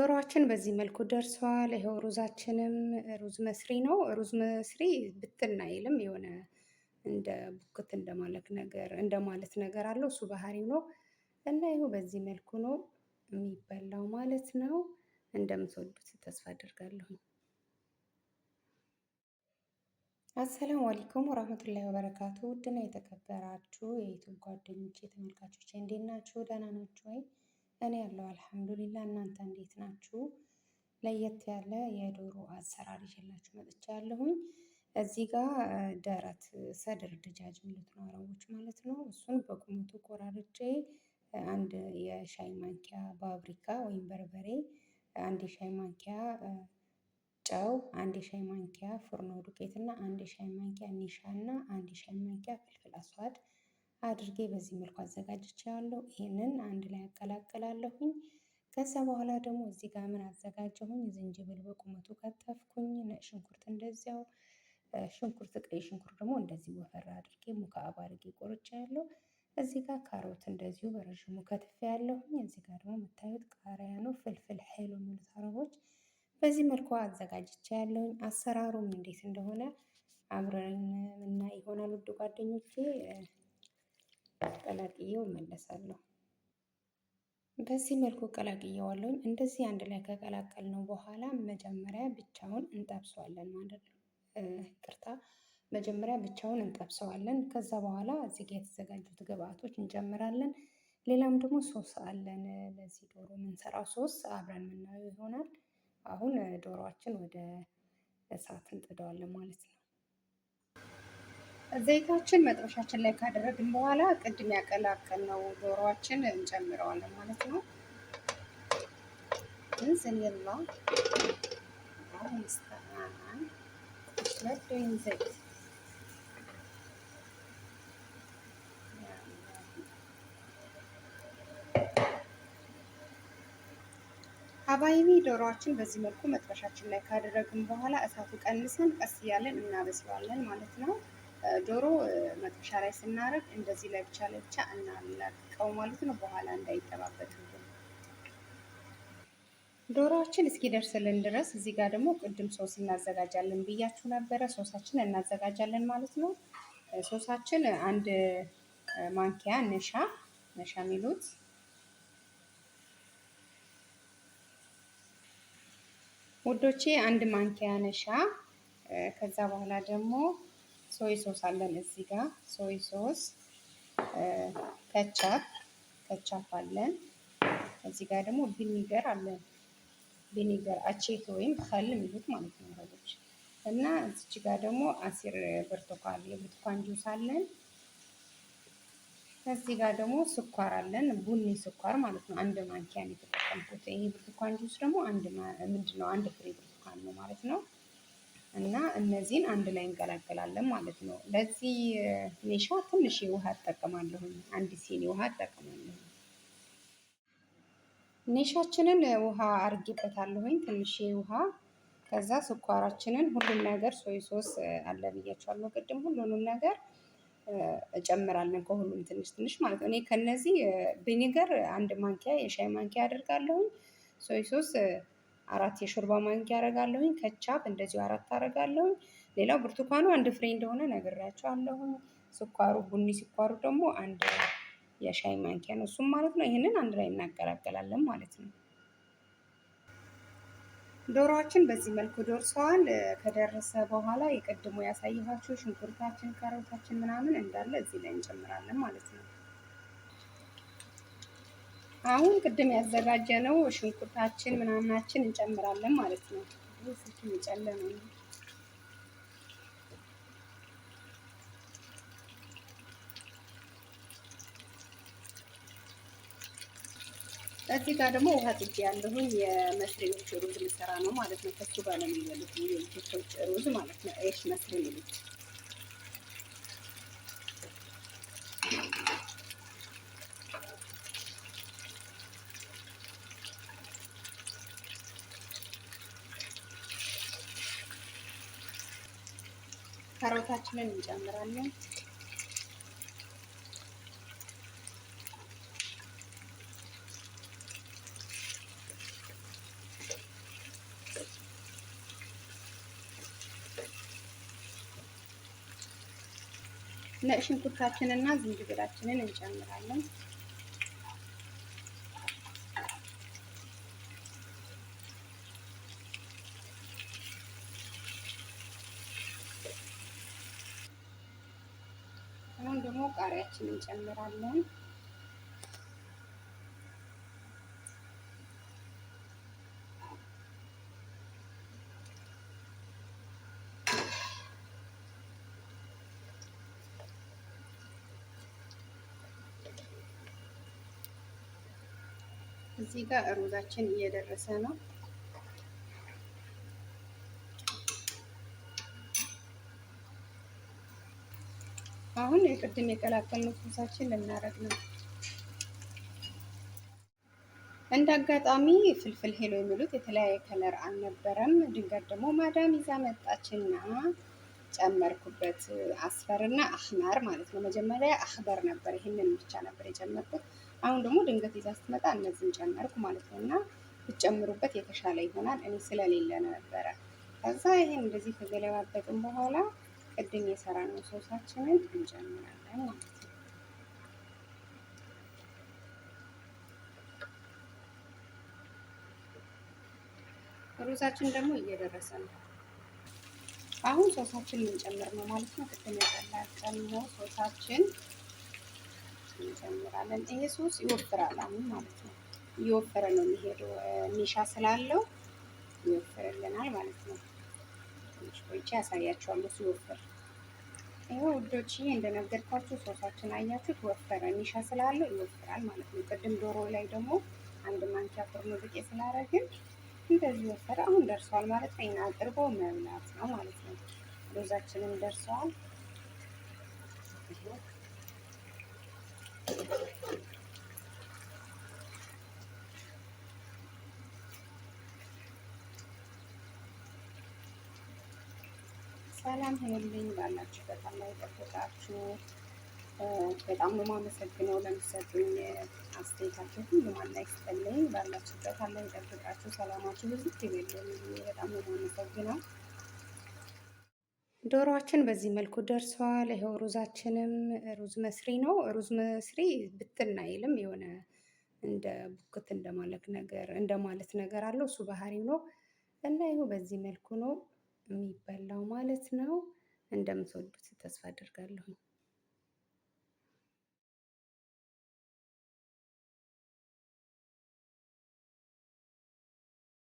ዶሮዋችን በዚህ መልኩ ደርሷል። ይኸው ሩዛችንም ሩዝ መስሪ ነው። ሩዝ መስሪ ብትና አይልም። የሆነ እንደ ቡክት እንደማለት ነገር እንደማለት ነገር አለው። እሱ ባህሪው ነው እና ይኸው በዚህ መልኩ ነው የሚበላው ማለት ነው። እንደምትወዱት ተስፋ አድርጋለሁ። አሰላሙ አለይኩም ወራህመቱላሂ ወበረካቱ። ውድና የተከበራችሁ የዩቱብ ጓደኞቼ ተመልካቾቼ እንዴት ናችሁ? ደህና ናችሁ ወይ? እኔ ያለው አልሐምዱሊላ። እናንተ እንዴት ናችሁ? ለየት ያለ የዶሮ አሰራር ይዤላችሁ ያለሁኝ። እዚህ ጋር ደረት ሰድር ድጃጅ የሚሉት ነው አረቦች ማለት ነው። እሱን በቁመቱ ቆራርጬ አንድ የሻይ ማንኪያ ባብሪካ ወይም በርበሬ፣ አንድ የሻይ ማንኪያ ጨው፣ አንድ የሻይ ማንኪያ ፍርኖ ዱቄት እና አንድ የሻይ ማንኪያ ኒሻ እና አንድ የሻይ ማንኪያ ፍልፍል አስዋድ አድርጌ በዚህ መልኩ አዘጋጅቼዋለሁ። ይህንን አንድ ላይ አቀላቅላለሁኝ። ከዛ በኋላ ደግሞ እዚህ ጋር ምን አዘጋጀሁኝ? ዝንጅብል በቁመቱ ከተፍኩኝ፣ ሽንኩርት እንደዚያው ሽንኩርት፣ ቀይ ሽንኩርት ደግሞ እንደዚህ ወፈራ አድርጌ ሙካብ አድርጌ ቆርጬ ያለው እዚህ ጋር ካሮት እንደዚሁ በረዥሙ ከትፍ ያለሁኝ። እዚህ ጋር ደግሞ የምታዩት ቃሪያ ነው፣ ፍልፍል ሄሎ የሚሉት አረቦች። በዚህ መልኩ አዘጋጅቼ ያለሁኝ። አሰራሩም እንዴት እንደሆነ አብረን እና ይሆናል ውድ ጓደኞቼ ቀላቅዬው እመለሳለሁ። በዚህ መልኩ ቀላቅየዋለሁኝ። እንደዚህ አንድ ላይ ከቀላቀልነው በኋላ መጀመሪያ ብቻውን እንጠብሰዋለን ማለት ነው። ቅርታ መጀመሪያ ብቻውን እንጠብሰዋለን። ከዛ በኋላ እዚህ ጋ የተዘጋጁት ግብአቶች እንጨምራለን። ሌላም ደግሞ ሶስ አለን። ለዚህ ዶሮ የምንሰራው ሶስ አብረን የምናየው ይሆናል። አሁን ዶሮአችን ወደ እሳት እንጥደዋለን ማለት ነው። ዘይታችን መጥበሻችን ላይ ካደረግን በኋላ ቅድም ያቀላቀል ነው ዶሮችን እንጨምረዋለን ማለት ነው። እንዝንላ አሁንስተናን ዘይት አባይቢ ዶሮችን በዚህ መልኩ መጥበሻችን ላይ ካደረግን በኋላ እሳቱ ቀንሰን ቀስ እያለን እናበስለዋለን ማለት ነው። ዶሮ መጥበሻ ላይ ስናደርግ እንደዚህ ለብቻ ለብቻ እናላቀው ማለት ነው፣ በኋላ እንዳይጠባበቅ። እስኪ እስኪደርስልን ድረስ እዚህ ጋር ደግሞ ቅድም ሶስ እናዘጋጃለን ብያችሁ ነበረ። ሶሳችን እናዘጋጃለን ማለት ነው። ሶሳችን አንድ ማንኪያ ነሻ ነሻ የሚሉት ውዶቼ፣ አንድ ማንኪያ ነሻ ከዛ በኋላ ደግሞ ሶይ ሶስ አለን እዚህ ጋር ሶይ ሶስ፣ ከቻፕ ከቻፕ አለን እዚህ ጋር ደግሞ ቪኒገር አለን። ቪኒገር አቼቶ ወይም ከል የሚሉት ማለት ነው ወሮች እና እዚች ጋር ደግሞ አሲር ብርቱካን የብርቱካን ጁስ አለን። ከዚህ ጋር ደግሞ ስኳር አለን፣ ቡኒ ስኳር ማለት ነው። አንድ ማንኪያን የተጠቀምኩት ይሄ ብርቱካን ጁስ ደግሞ አንድ ምንድን ነው አንድ ፍሬ ብርቱካን ነው ማለት ነው። እና እነዚህን አንድ ላይ እንቀላቅላለን ማለት ነው። ለዚህ ኔሻ ትንሽ ውሃ እጠቀማለሁ፣ አንድ ሲኒ ውሃ እጠቀማለሁ። ኔሻችንን ውሃ አርጌበታለሁኝ፣ ትንሽ ውሃ ከዛ ስኳራችንን፣ ሁሉም ነገር ሶይ ሶስ አለ ብያቸዋለሁ ቅድም። ሁሉንም ነገር እጨምራለን ከሁሉም ትንሽ ትንሽ ማለት ነው። እኔ ከነዚህ ቪኒገር አንድ ማንኪያ የሻይ ማንኪያ አድርጋለሁኝ ሶይ ሶስ አራት የሾርባ ማንኪያ አረጋለሁኝ። ከቻፕ እንደዚሁ አራት አረጋለሁኝ። ሌላው ብርቱካኑ አንድ ፍሬ እንደሆነ ነግራቸዋለሁኝ። ስኳሩ ቡኒ ስኳሩ ደግሞ አንድ የሻይ ማንኪያ ነው እሱም ማለት ነው። ይህንን አንድ ላይ እናቀላቀላለን ማለት ነው። ዶሮችን በዚህ መልኩ ደርሰዋል። ከደረሰ በኋላ የቀድሞ ያሳየኋችሁ ሽንኩርታችን፣ ካሮታችን ምናምን እንዳለ እዚህ ላይ እንጨምራለን ማለት ነው። አሁን ቅድም ያዘጋጀ ነው ሽንኩርታችን ምናምናችን እንጨምራለን ማለት ነው። ስልክ የጨለመ ነው። እዚህ ጋር ደግሞ ውሃ ጥጄ ያለሁኝ የመስሪዎች ሩዝ ልሰራ ነው ማለት ነው። ከሱ ጋር ነው የሚበሉት የኢትዮጵያ ሩዝ ማለት ነው። ኤሽ መስሪ ሚሉት ካሮታችንን እንጨምራለን። ነጭ ሽንኩርታችንና ዝንጅብላችንን እንጨምራለን። ቃሪያችን እንጨምራለን። እዚህ ጋር ሩዛችን እየደረሰ ነው። አሁን የቅድም የቀላቀልነው ኩሳችን ልናደርግ ነው። እንደ አጋጣሚ ፍልፍል ሄሎ የሚሉት የተለያየ ከለር አልነበረም። ድንገት ደግሞ ማዳም ይዛ መጣችና ጨመርኩበት። አስፈርና አህማር ማለት ነው። መጀመሪያ አህበር ነበር፣ ይህንን ብቻ ነበር የጨመርኩት። አሁን ደግሞ ድንገት ይዛ ስትመጣ እነዚህን ጨመርኩ ማለት ነው። እና ብትጨምሩበት የተሻለ ይሆናል፣ እኔ ስለሌለ ነበረ። ከዛ ይህን እንደዚህ ከገለባበጥም በኋላ ቅድም የሰራነው ሶሳችንን እንጨምራለን ማለት ነው። ሩዛችን ደግሞ እየደረሰ ነው። አሁን ሶሳችን ልንጨምር ነው ማለት ነው። ቅድም ነው ሶሳችን እንጨምራለን። ይሄ ሶስ ይወፍራል አሁን ማለት ነው። እየወፈረ ነው የሚሄደው ኒሻ ስላለው ይወፍርልናል ማለት ነው። ትንሽ ቆይቼ ያሳያቸዋለሁ ሲወፍር። ይኸው ውዶችዬ እንደነገርኳችሁ ሶሳችን አያችሁት ወፈረ። ኒሻ ስላለው ይወፍራል ማለት ነው። ቅድም ዶሮ ላይ ደግሞ አንድ ማንኪያ ፍርኖ ዱቄት ስላደረግን እንደዚህ ወፈረ። አሁን ደርሰዋል ማለት ነው። ይህን አቅርቦ መብላት ነው ማለት ነው። ሩዛችንም ደርሰዋል። ሰላም ሁኑልኝ። ባላችሁበት አላህ ይጠብቃችሁ። በጣም ነው የማመሰግነው ለምትሰጡኝ አስተያየታችሁ ሁሉም አላህ ይስጥልኝ። ባላችሁበት አላህ ይጠብቃችሁ። ሰላማችሁ ብዙት ይበልልኝ። በጣም ነው የማመሰግነው። ዶሮዋችን በዚህ መልኩ ደርሷል። ይኸው ሩዛችንም ሩዝ መስሪ ነው። ሩዝ መስሪ ብትና አይልም የሆነ እንደ ቡክት እንደማለት ነገር እንደማለት ነገር አለው። እሱ ባህሪው ነው እና ይኸው በዚህ መልኩ ነው የሚበላው ማለት ነው። እንደምትወዱት ተስፋ አድርጋለሁ።